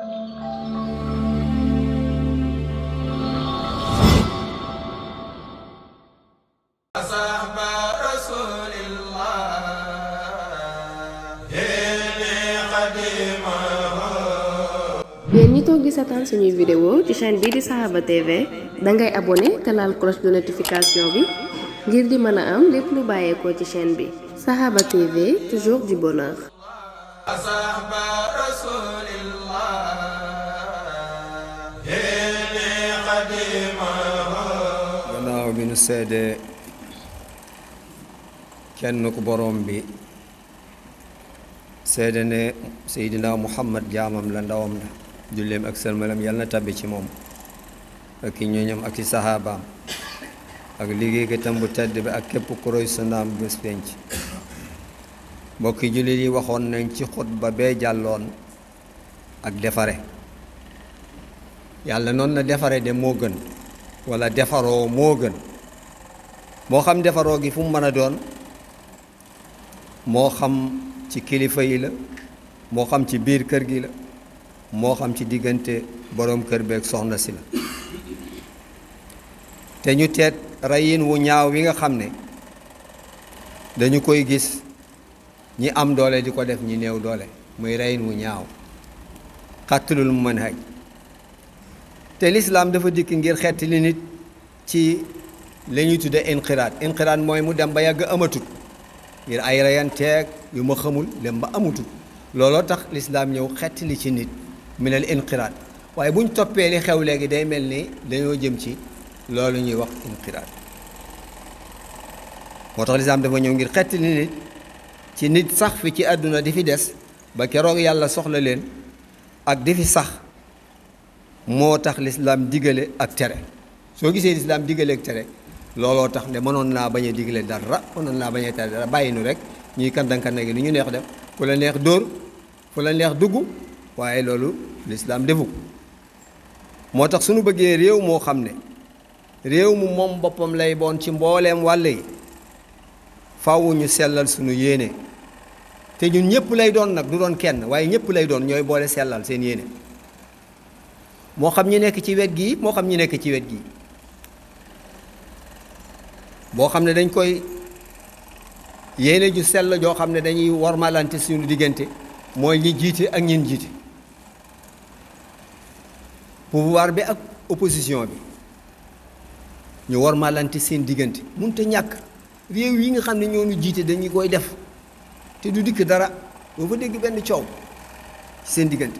yéen ñi vidéo ci chaîne di Sahaba TV dangay abonné te laal cloche de notification bi ngir di am lépp lu bàyyeekoo ci chaîne bi Sahaba TV toujours du bonheur nu seede kenn ku boroom bi seede ne seydinaa muhammad jaamam la ndawam la julleem ak sëlmalam yal na tabbi ci moom ak i ñooñam ak i saxaabaam ak liggéeykatam bu tedd bi ak képp ku roy sunnaam bés penc mbokki jullit yi waxoon nañ ci xutba bee jàlloon ak defare yàlla noon la defare de moo gën wala defaroo moo gën moo xam defaroo gi fu mu mën a doon moo xam ci kilifa yi la moo xam ci biir kër gi la moo xam ci diggante boroom kër beek soxna si la te ñu teet rayin wu ñaaw wi nga xam ne dañu koy gis ñi am doole di ko def ñi néew doole muy reyin wu ñaaw xattalul mu mën haj te lislaam dafa dikk ngir xettali nit ci la ñuy tuddee inqiraat inqiraat mooy mu dem ba yàgg amatut ngir ay reyanteeg yu ma xamul dem ba amatut looloo tax lislaam ñëw xett li ci nit mi nel inqiraat waaye bu ñu toppee li xew léegi day mel ni dañoo jëm ci loolu ñuy wax inqiraat moo tax lislaam dafa ñëw ngir xett li nit ci nit sax fi ci àdduna di fi des ba keroog yàlla soxla leen ak di fi sax moo tax lislaam digale ak tere soo gisee lislaam digale ak tere looloo tax ne mënoon naa bañ a digle dara mënoon naa bañ a dara bàyyi nu rek ñuy kandankanda gi lu ñu neex def ku la neex dóor ku la neex dugg waaye loolu lislaam defu moo tax suñu bëggee réew moo xam ne réew mu moom boppam lay bon ci mbooleem wàll yi faaw sellal sunu yéene te ñun ñëpp lay doon nag du doon kenn waaye ñëpp lay doon ñooy boole sellal seen yéene moo xam ñu nekk ci wet gi moo xam ñi nekk ci wet gi boo xam ne dañ koy yéene ju sell joo xam ne dañuy wormalante suñu diggante mooy ñu jiite ak ñin jiite pouvoir bi ak opposition bi ñu wormalante seen diggante mënut a ñàkk réew yi nga xam ne ñoo ñu jiite dañuy koy def te du dikk dara doo fa dégg benn coow seen diggante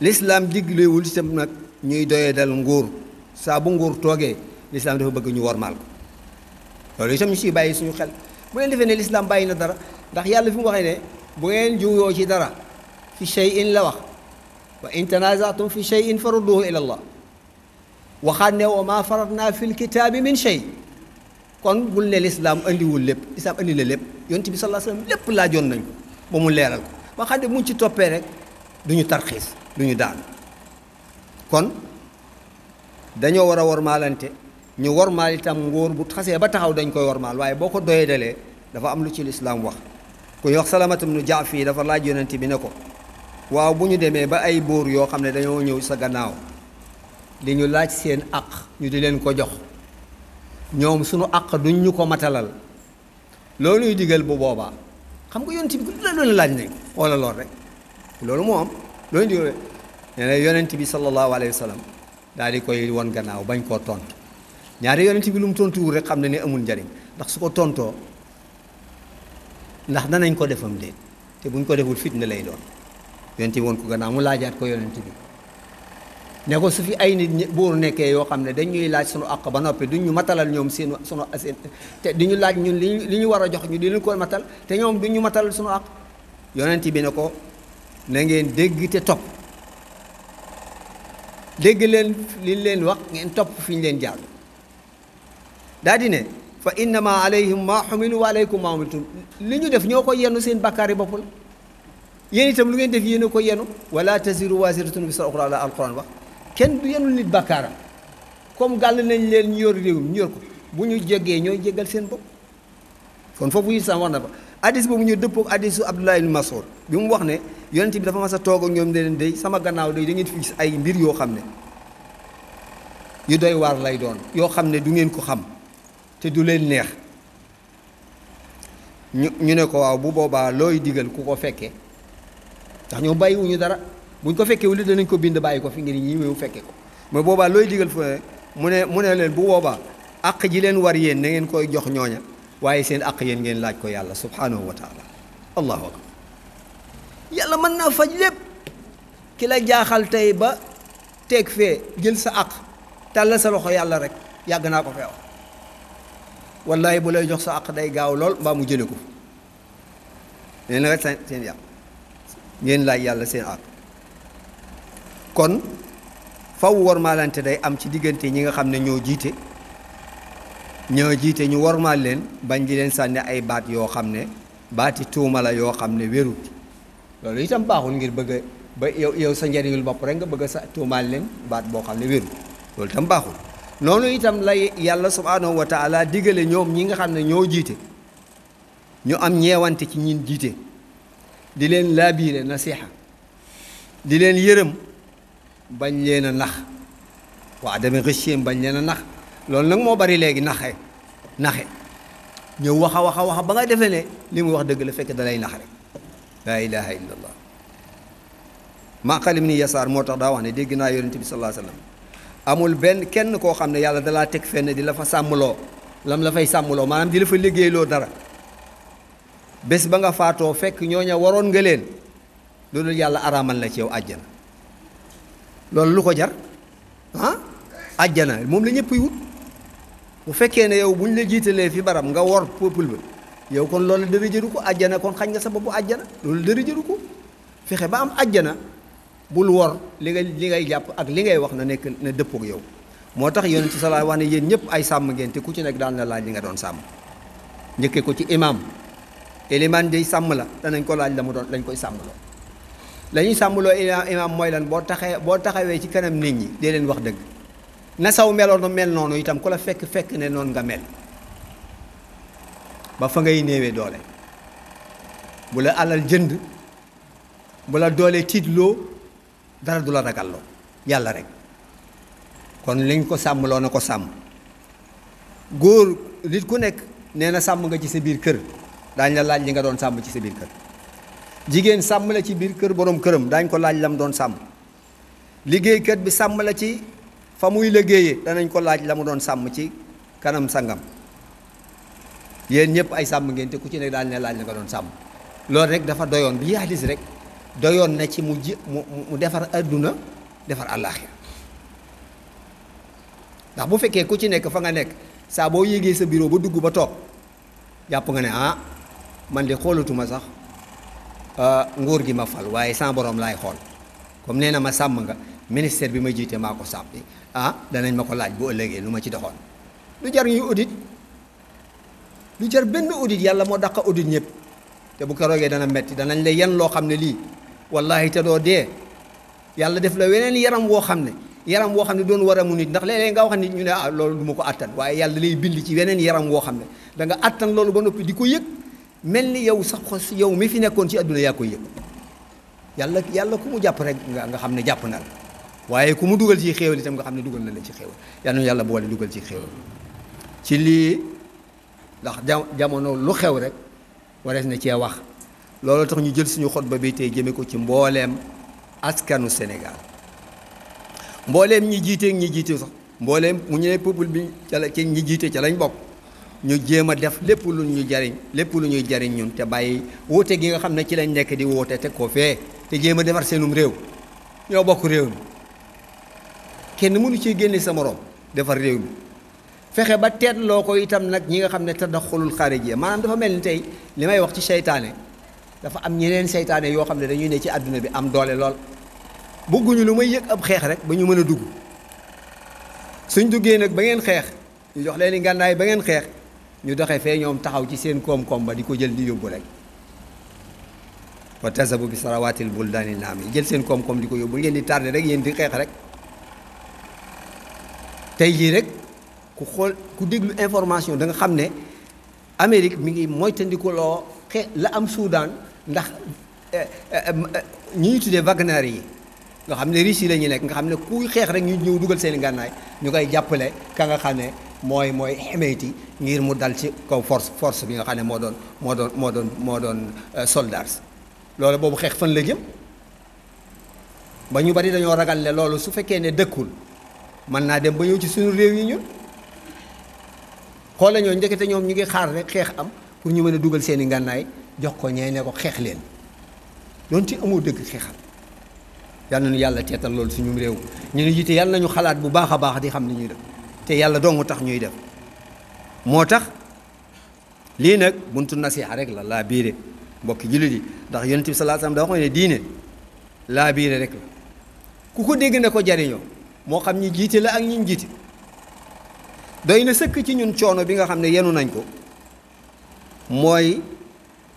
lislaam diglewul itam nag ñuy doyee dal nguur saa bu nguur toogee lislaam dafa bëgg ñu wormal ko loolu itam ñu siy bàyyi suñu xel bu ngeen defee ne lislaam bàyyi na dara ndax yàlla fi mu waxee ne bu ngeen juuyoo ci dara fi shay'in la wax wa in tanazaatum fi shay'in farudduhu ila allah waxaat ne wa maa faratnaa fil kitaabi min shay kon bul ne lislaam andiwul lépp lislaam andi na lépp yonent bi sallallahu alayhi wasallam lépp laajoon nañ ko ba mu leeral ko ba xam ne muñ ci toppee rek du ñu tarxiis du ñu daan kon dañoo war a war maalante ñu wormaal itam ngóor bu xasee ba taxaw dañ koy wormaal waaye boo ko doyee dalee dafa am lu ci lislaam wax ku ñuy wax salamatu ibnu jaafi dafa laaj yonent bi ne ko waaw bu ñu demee ba ay bóor yoo xam ne dañoo ñëw sa gannaaw di ñu laaj seen àq ñu di leen ko jox ñoom sunu àq duñ ñu ko matalal loolu ñuy digal bu boobaa xam nga yonent bi ku la doon laaj ne wala lool rek loolu moo am loolu ñu digal nee na yonent bi sallallahu alayhi wa sallam daal di koy won gannaaw bañ koo tontu. ñaari yonent bi lu mu tontuwul rek xam na ne amul njariñ ndax su ko tontoo ndax nanañ ko defam déet te buñ ko deful fitna lay doon yonent bi woon ko gannaaw mu laajaat ko yonent bi ne ko su fi ay nit buur nekkee yoo xam ne dañuy laaj sunu àq ba noppi duñ ñu matalal ñoom seen sunu seen te di laaj ñun li ñu war a jox ñu di ko matal te ñoom duñ ñu matalal sunu àq yonent bi ne ko na ngeen dégg te topp dégg leen li leen wax ngeen topp fi ñu leen jàll daa di ne fa innama alayhim ma xumilu wa alaykum ma xumiltum li ñu def ñoo ko yenu seen bàkkaari bopp la yéen itam lu ngeen def yéen a ko yenu wala taziru waziratun wisra uxra la alquran wax kenn du yenul nit bàkkaaram comme gàll nañ leen ñu yor réew ñu yor ko bu ñu jéggee ñooy jéggal seen bopp kon foofu yi sam wax na fa hadis boobu ñu dëppoo hadisu Abdullah ibn Mas'ud bi mu wax ne yonent bi dafa mas a toog ak ñoom ne leen day sama gannaaw day da ngeen fi gis ay mbir yoo xam ne yu doy waar lay doon yoo xam ne du ngeen ko xam te du leen neex ñu ne ko waaw bu boobaa looy digal ku ko fekkee ndax ñoom bàyyiwuñu dara buñ ko fekkee wuli danañ ko bind bàyyi ko fi ngir ñi wewu fekke ko mais boobaa looy digal fu ne mu ne mu ne leen bu boobaa àq ji leen war yéen na ngeen koy jox ñooña waaye seen àq yéen ngeen laaj ko yàlla subhanahu wa taala allahu akbar yàlla mën naa faj lépp ki la jaaxal tey ba teeg fee jël sa àq tàllal sa loxo yàlla rek yàgg naa ko fee wax wallaay bu lay jox sa àq day gaaw lool mbaa mu jële ko leen rek seen seen yàq ngeen laaj yàlla seen àq kon faw wormaalante day am ci diggante ñi nga xam ne ñoo jiite ñoo jiite ñu wormaal leen bañ di leen sànni ay baat yoo xam ne baati tuuma la yoo xam ne wérut loolu itam baaxul ngir bëgg ba yow yow sa njariñul bopp rek nga bëgg sa tuumaal leen baat boo xam ne wérut loolu itam baaxul noonu itam la yàlla subhaanahu wa taala digale ñoom ñi nga xam ne ñoo jiite ñu am ñeewante ci ñin jiite di leen laabiire nasiha di leen yërëm bañ leen a nax waa deme rëcceem bañ leen a nax loolu nag moo bari léegi naxe naxe ñëw wax a wax a wax ba nga defee ne li muy wax dëgg la fekk dalay nax rek laa ilaha illa allah maqal ibni yasaar moo tax daa wax ne dégg naa yonente bi sallallahu alayhi wa sallam amul benn kenn koo xam ne yàlla dalaa teg fenn di la fa sàmmloo lam la fay sàmmloo maanaam di la fa liggéeyloo dara bés ba nga faatoo fekk ñooña waroon nga leen loolu yàlla araamal na ci yow àjjana loolu lu ko jar ah àjjana moom la ñëpp wut bu fekkee ne yow bu ñu la jiitalee fi barab nga wor peuple ba yow kon loolu dara jëru ko àjjana kon xañ nga sa bopp àjjana loolu dara ko fexe ba am àjjana bul wor li nga li ngay jàpp ak li ngay wax na nekk na dëppook yow moo tax yonent ci salaay wax ne yéen ñëpp ay sàmm ngeen te ku ci nekk daan na laaj li nga doon sàmm njëkkee ko ci imaam élimaan day sàmm la danañ ko laaj la mu doon lañ koy sàmmloo la ñuy sàmmloo imaam mooy lan boo taxee boo taxawee ci kanam nit ñi dee leen wax dëgg na saw meloon mel noonu itam ku la fekk fekk ne noonu nga mel ba fa ngay néewee doole bu la alal jënd bu la doole tiitloo dara du la ragalloo yàlla rek kon liñ ko sàmm loo na ko sàmm góor nit ku nekk nee na sàmm nga ci sa biir kër daañ la laaj li nga doon sàmm ci sa biir kër sàmm la ci biir kër boroom këram daañ ko laaj lam doon sàmm liggéeykat bi sàmm la ci fa muy liggéeyee danañ ko laaj la mu doon sàmm ci kanam sangam yéen ñëpp ay sàmm ngeen te ku ci ne daañ la laaj la nga doon sàmm loolu rek dafa doyoon bi hadiis rek doyon na ci mu mu defar aduna defar alakhir ndax bu fekke ku ci nek fa nga nek sa bo yegge sa bureau ba dugg ba toog japp nga ne ah man de xoolatuma sax ah, nguur gi ma fal waye sa borom lay xol comme nee ma sam nga ministère bi ma jité mako ko ah danañ mako laaj bu ëllëgee luma ci doxone lu jar ñu audit lu jar benn audit yalla mo daqa audit ñepp te bu ko dana metti danañ lay yenn lo xamné li wallahi te doo dee yàlla def la weneen yaram woo xam ne yaram woo xam ne doon waramu nit ndax léeg-léeg nga wax nit ñu ne ah loolu du ko attan waaye yàlla lay bind ci weneen yaram woo xam ne da nga attan loolu ba noppi di ko yëg mel ni yow sax si yow mi fi nekkoon ci àdduna yaa koy yëg yàlla yàlla ku mu jàpp rek nga xam ne jàpp na la waaye ku mu dugal ci li itam nga xam ne dugal na la ci xéewal yal na yàlla boole dugal ci xéewal ci lii ndax jamono lu xew rek warees na cee looloo tax ñu jël suñu ba bi tey jëme ko ci mbooleem askanu Sénégal mbooleem ñi jiitee ñi jiite sax mbooleem mu ñu ne peuple bi ca la ci ñi jiite ca lañ bokk ñu jéem a def lépp lu ñu jariñ lépp lu ñuy jariñ ñun te bàyyi woote gi nga xam ne ci lañ nekk di woote teg ko fee te jéem a defar seenum réew ñoo bokk réew mi kenn mënu ci génne sa moroom defar réew mi fexe ba loo ko itam nag ñi nga xam ne tadaxulul xaariji maanaam dafa mel ni tey li may wax ci seytaane dafa am ñeneen seytaane yoo xam ne dañuy ne ci àdduna bi am doole lool bëgguñu lu may yëg ab xeex rek ba ñu mën a dugg suñ duggee nag ba ngeen xeex ñu jox leen i ngànnaay ba ngeen xeex ñu doxe fee ñoom taxaw ci seen koom-koom ba di ko jël di yóbbu rek wa tazabu bi sarawatil buldani naam yi jël seen koom-koom di ko yóbbu ngeen di tardé rek yéen di xeex rek tey jii rek ku xool ku déglu information da nga xam ne Amérique mi ngi moytandikuloo xe la am Soudan ndax euh, euh, euh, ñi ñu tuddee Wagner yi nga xam ne riche yi la nekk nga xam ne kuy xeex rek ñu ñëw dugal seeni ngànnaay ñu koy jàppale ka nga xam ne mooy mooy xemeyti ngir mu dal ci kaw force force bi nga xam ne moo doon moo doon moo doon moo doon soldats loolu boobu xeex fan la jëm ba ñu bari dañoo ragal ne loolu su fekkee ne dëkkul mën naa dem ba ñëw ci suñu réew yi ñu xoole ñoo njëkkate ñoom ñu ngi xaar rek xeex am pour ñu mën a dugal seeni i ngànnaay jox ko ñee ne ko xeex leen doon ci amoo dëgg xeexal yal nañu yàlla teetal loolu suñu réew ñu ne jiite yal nañu xalaat bu baax a baax di xam ni ñuy def te yàlla dong tax ñuy def moo tax lii nag buntu nasiha rek la laa biire mbokki jullit yi ndax yonent bi sallallahu alayhi wasallam da waxoon ne diine laa biire rek la ku ko dégg na ko jariñoo moo xam ñi jiite la ak ñi jiite doy na sëkk ci ñun coono bi nga xam ne yenu nañ ko mooy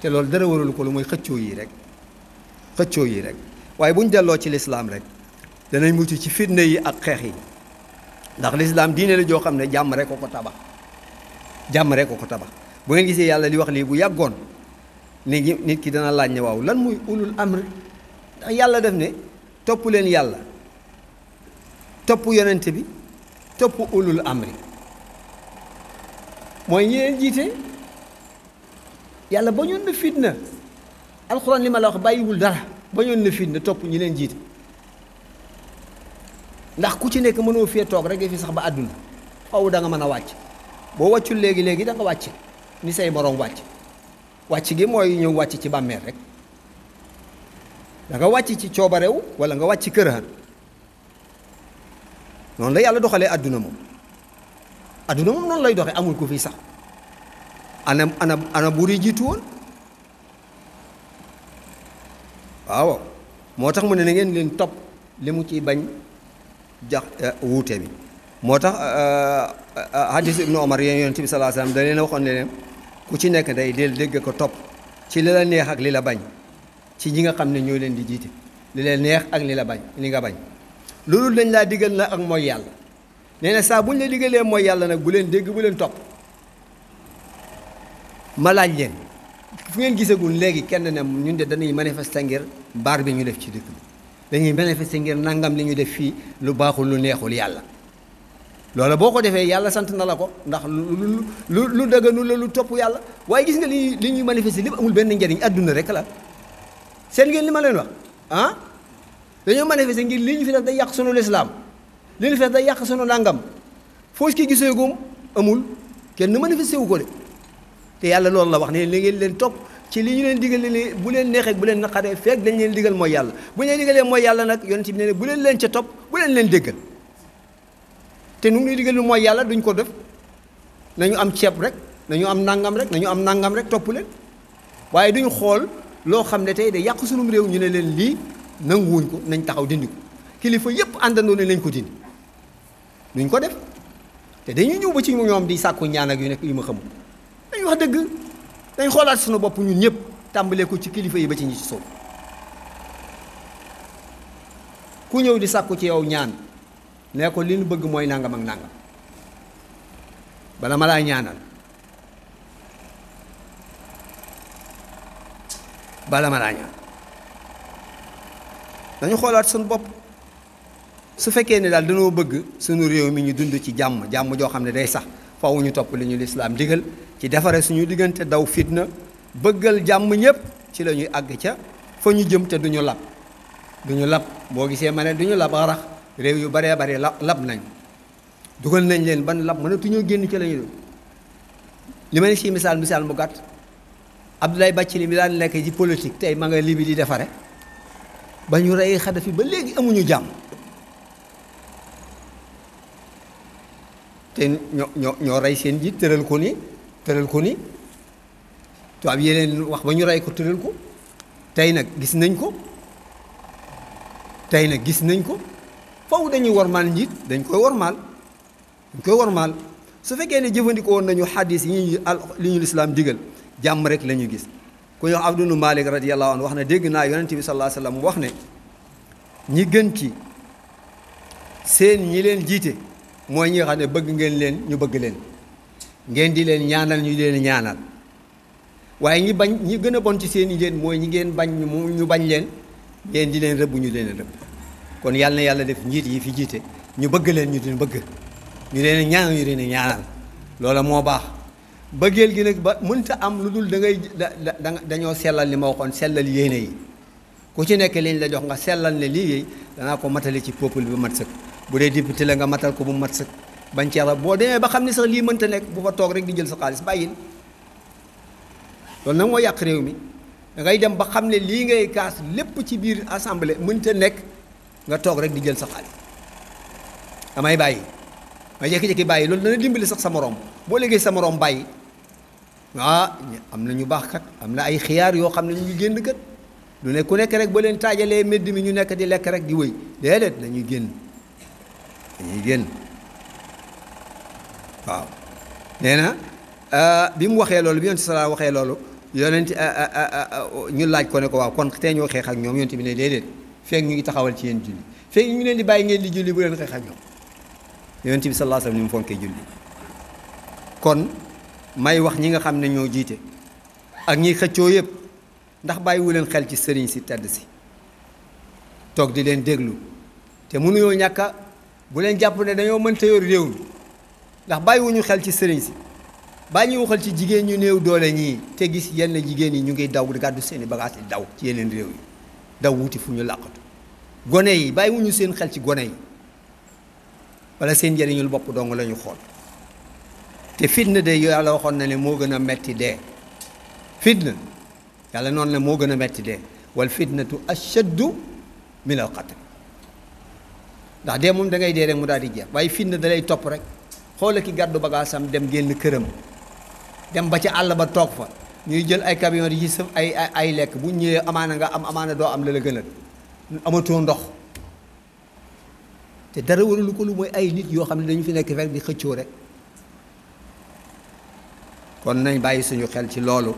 te loolu dara waralu ko lu mooy xëccoo yi rek xëccoo yi rek waaye bu ñu delloo ci lislaam rek danay mucc ci fitna yi ak xeex yi ndax lislaam diine la joo xam ne jàmm rek ko ko tabax jàmm rek ko ko tabax bu ngeen gisee yàlla li wax lii bu yàggoon léegi nit ki dana laaj ne waaw lan muy ulul amr ndax yàlla def ne topp leen yàlla topp yonent bi topp ulul amri mooy ñi jiite yàlla ba ñoon na fitna alxuraan li ma la wax bàyyiwul dara ba ñoon na fitna topp ñu leen jiite ndax ku ci nekk mënoo fee toog rek fi sax ba àdduna faw da nga mën a wàcc boo wàccul léegi léegi danga wàcc ni say moroom wàcc wàcc gi mooy ñëw wàcc ci bàmmeel rek danga wàcc ci coobarew wala nga wàcc këraan noonu la yàlla doxalee àdduna moom àdduna moom noonu lay doxee amul ku fi sax ana ana ana buri jitu won woon waaw moo mu ne ngeen len top limu ci bañ jax eh, wuute bi motax eh, eh, hadis ibnu omar yéen yonent bi salaa salaam da leen waxon len ku ci nek day del deg ko top ci li la neex ak li la bañ ci ñi nga xamne ñoy len di jité li leen neex ak li la bañ li nga bañ loolu lañ la digal na ak moy yalla neena sa buñ la digalee moy yalla nak bu len deg bu len top ma laaj leen fu ngeen gisagul léegi kenn ne ñun de dañuy manifester ngir baar bi ñu def ci dëkk bi dañuy manifester ngir nangam li ñu def fii lu baaxul lu neexul yàlla loola boo ko defee yàlla sant na la ko ndax lu lu lu dëgganul la lu topp yàlla waaye gis nga li li ñuy manifester lépp amul benn njariñ àdduna rek la seen ngeen li ma leen wax ah dañoo manifester ngir li ñu fi def day yàq sunu lislaam li ñu day yàq sunu nangam foo ki gisee gum amul kenn manifester wu ko de. te yàlla loolu la wax ne li leen topp ci li ñu leen digal li bu leen neexee bu leen naqaree fekk dañ leen digal mooy yàlla bu ñu leen digalee mooy yàlla nag yonent bi ne bu leen leen ca topp bu leen leen déggal te nu ngi digal lu mooy yàlla duñ ko def nañu am ceeb rek nañu am nangam rek nañu am nangam rek topp leen waaye duñu xool loo xam ne tey da yàq sunum réew ñu ne leen lii nanguwuñ ko nañ taxaw dindi ko kilifa yëpp àndandoo ne nañ ko dindi duñ ko def te dañuy ñëw ba ci ñoom di sàkku ñaan ak yu nekk yu xamul nañu wax dëgg dañ xoolaat sunu bopp ñun ñëpp tàmbalee ko ci kilifa yi ba ci ñi ci suuf ku ñëw di sàkku ci yow ñaan ne ko li nu bëgg mooy nangam ak nangam bala ma laa ñaanal bala ma laa ñaan dañu xoolaat suñu bopp su fekkee ne daal dañoo bëgg sunu réew mi ñu dund ci jàmm jàmm joo xam ne day sax faw ñu topp li ñu lislaam digal ci defare suñu diggante daw fitna bëggal jàmm ñépp ci la ñuy àgg ca fa ñu jëm te duñu lab duñu lab boo gisee ma ne duñu lab arax réew yu baree bare lab nañ dugal nañ leen ban lab mënatuñoo génn ci la ñu doon li ma ne ci misaal misaal mu gàtt Abdoulaye Bathily mi daan nekk ci politique tey ma nga libi di defare ba ñu rey Xadafi ba léegi amuñu jàmm te ñoo ñoo ñoo rey seen ji tëral ko ni tëral ko ni tubaab yeneen wax ba ñu rey ko tëral ko tey nag gis nañ ko tey nag gis nañ ko faw dañuy wormaal njiit dañ koy wormaal dañ koy wormaal su fekkee ne jëfandikoo nañu xadis yi ñu al li ñu lislaam digal jàmm rek la gis ku ñu wax Abdunu Malik radiyallahu anhu wax na dégg naa yonente bi sallallahu alayhi wasallam wax ne ñi gën ci seen ñi leen jiite mooy ñi nga xam ne bëgg ngeen leen ñu bëgg leen ngeen di leen ñaanal ñu leen ñaanal waaye ñi bañ ñi gën a bon ci seen i leen mooy ñi ngeen bañ mu ñu bañ leen ngeen di leen rëbb ñu leen rëbb kon yàlla yàlla def njiit yi fi jiite ñu bëgg leen ñu leen bëgg ñu leen ñaanal ñu leen ñaanal loola moo baax bëggeel gi nag ba mënta am lu dul da ngay da dañoo sellal li ma waxoon sellal yéene yi ku ci nekk liñ la jox nga sellal ne lii danaa ko matale ci peuple bi mat sëkk bu dee député la nga matal ko bu mat sëkk bañ cee boo demee ba xam ne sax lii mënta nekk bu fa toog rek di jël sa xaalis bàyyil loolu nag moo yàq réew mi da ngay dem ba xam ne lii ngay kaas lépp ci biir assemblée mënta nekk nga toog rek di jël sa xaalis damay bàyyi nga jékki-jékki bàyyi loolu dana dimbali sax sa morom boo léegi sa morom bàyyi ah am na ñu baax kat am na ay xiyaar yoo xam ne ñu génn kat du ne ku nekk rek ba leen taajalee medd mi ñu nekk di lekk rek di wéy déedéet dañuy génn génn. waaw nee na euh, bi mu waxee loolu bi yonent salaa waxee loolu yonent euh, euh, ñu laaj ko ne ko waaw kon tee ñoo xeex ak ñoom yonent bi ne déedéet feek ñu ngi taxawal ci yéen julli feek ñu ngi leen di bàyyi ngeen di julli bu leen xeex ak ñoom yonent bi salaa sallam ni mu fonkee julli kon may wax ñi nga xam ne ñoo jiite ak ñiy xëccoo yëpp ndax bàyyiwu leen xel ci sëriñ si tedd si toog di leen déglu te mu mënuñoo ñàkka bu leen jàpp ne dañoo mënta yor réew ndax bàyyiwuñu xel ci sëriñ si bàyyi waxal ci jigéen ñu néew doole ñi te gis yenn jigéen yi ñu ngi daw gàddu seeni bagage di daw ci yeneen réew yi daw wuti fu ñu làqatu gone yi bàyyiwuñu seen xel ci gone yi wala seen njëriñul bopp dong la ñu xool te fitna de yàlla waxoon na ne moo gën a metti dee fitna yàlla noonu ne moo gën a metti dee wal fitnatu ashaddu min al qatl ndax dee moom da ngay dee rek mu daal di jeex waaye fitna da lay topp rek xoola ki gàddu bagaasam dem génn këram dem ba ca àll ba toog fa ñuy jël ay camion yi sëf ay ay lekk bu ñëwee amaana nga am amaana doo am la la gënal amatoo ndox te dara waralu ko lu mooy ay nit yoo xam ne dañu fi nekk rek di xëccoo rek kon nañ bàyyi suñu xel ci loolu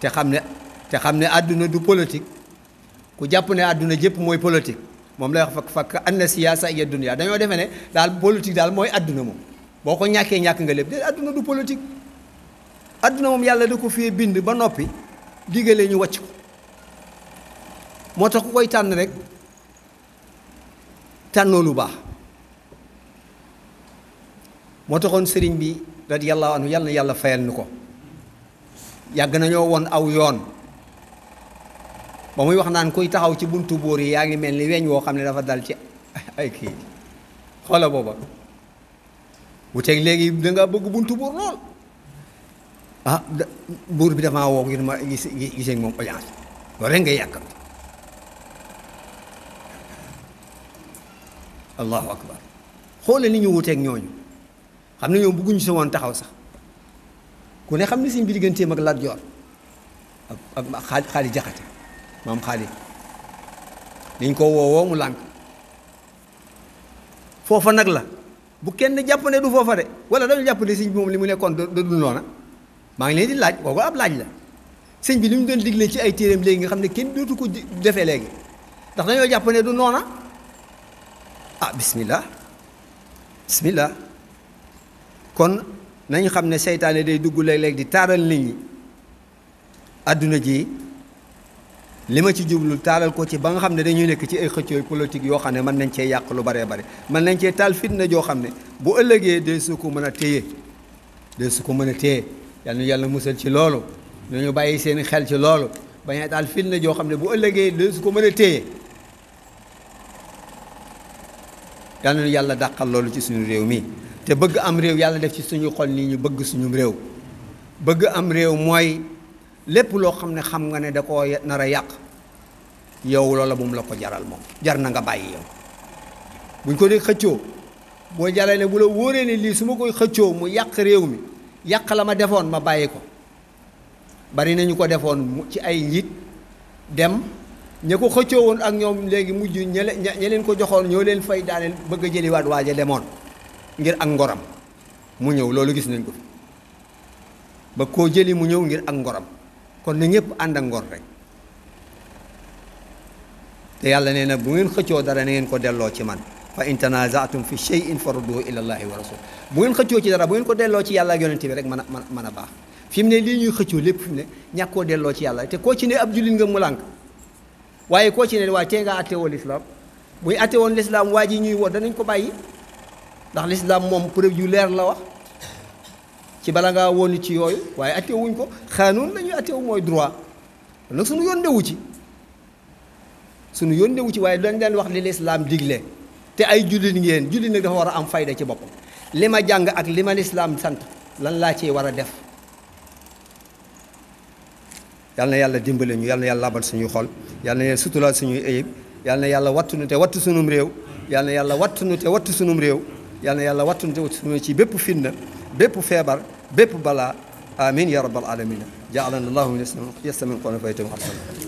te xam ne te xam ne àdduna du politique ku jàpp ne àdduna jëpp mooy politique moom lay wax fakk fakk an na siyaasa ya dunya dañoo defee ne daal politique daal mooy àdduna moom boo ko ñàkkee ñàkk nga lépp de àdduna du politique àdduna moom yàlla da ko fee bind ba noppi diggalee ñu wacc ko moo tax ku koy tànn rek tànnoo lu baax moo taxoon sëriñ bi radiyallahu anhu yàlla na yàlla fayal nu ko yàgg nañoo woon aw yoon ba muy wax naan kuy taxaw ci buntu bóor yi yaa ngi mel ni weñ woo xam ne dafa dal ci ay kii xoola booba wuteeg legi ah, da ngaa bëgg buntu buur lool ah buur bi damaa woo ngir ma gis gisee moom audience loolu rek ngay yàkkamti allahu akbar xoole ni ñu ak ñooñu xam ne ñoom bëgguñu sa won taxaw sax ku ne xam ne seen bi digganteem ak Lat jor ak ak xali jaxati mam xali niñ ko woowoo mu lank foofa nak la bu kenn jàpp ne du foofa de wala dañu jàpp ne sëñ bi moom li mu nekkoon da dul noona maa ngi leen di laaj kooku ab laaj la sëñ bi li mu doon digle ci ay téeréem léegi nga xam kenn dootu ko defee léegi ndax dañoo du noona ah bismillah bismillah kon nañu xam ne seytaane day dugg léeg-léeg di taaral nit ñi àdduna ji li ma ci jublu taalal ko ci ba nga xam ne dañuy nekk ci ay xëccooy politique yoo xam ne mën nañ cee yàq lu baree bare mën nañ cee taal fitna joo xam ne bu ëllëgee de su ko mën a téye de su ko mën a téye yal na yàlla musal ci loolu nañu bàyyi seen xel ci loolu bañ a taal fitna joo xam ne bu ëllëgee de su ko mën a téye yal yàlla dàqal loolu ci suñu réew mi te bëgg am réew yàlla def ci suñu xol nii ñu bëgg suñu réew bëgg am réew mooy. lepp lo xamne ne xam nga ne da ko na a yàq yow loola bum la ko jaral mom jar na nga bayyi yow buñ ko dee xëccio bo jalee bu la wóoree ne lii su ma koy xëccio mu yàq réew mi yàq la ma defoon ma bàyyi ko bari nañu ko defoon ci ay njiit dem ña ko xëccio woon ak ñoom léegi mujj ña leen ko joxoon ñoo leen fay daaneel bëgg a jëliwaat waaja demoon ngir ak ngoram mu ñëw loolu gis nañ ko ba koo jëli mu ñëw ngir ak ngoram kon na ñëpp ànd ak ngor rek te yàlla nee na bu ngeen xëccoo dara na ngeen ko delloo ci man fa in tanazaatum fi shay'in farudduhu ila allahi wa rasul bu ngeen xëccoo ci dara bu ngeen ko delloo ci yàlla ak yonent bi rek mën a mën a baax fi mu ne lii ñuy xëccoo lépp fi mu delloo ci yàlla te koo ci ne ab jullit nga mu lànk waaye koo ci ne waaye tey ngaa àtte woon lislaam muy àtte woon lislaam waa ji ñuy woo danañ ko bàyyi ndax lislaam moom preuve ju leer la wax ci bala ngaa woon ci yooyu waaye attewuñ ko xaanuun la ñuy attewu mooy droit nag suñu yónnewu ci suñu yónnewu ci waaye dañ leen wax li lislaam digle te ay jullit ngeen jullit nag dafa war a am fayda ci boppam li ma jàng ak li ma lislaam sant lan laa ci war a def yal yàlla dimbale ñu yàlla yàlla labal suñuy xol yal na yàlla suturaal suñuy ayib yal na yàlla wattuñu te wattu sunum réew yàlla na yàlla wattuñu te wattu sunum réew yal na yàlla wattuñu te wattu sunu ci bépp fitna bépp feebar بيب بلا امين يا رب العالمين جعلنا الله يسلم يسلم القران فيتم حسنا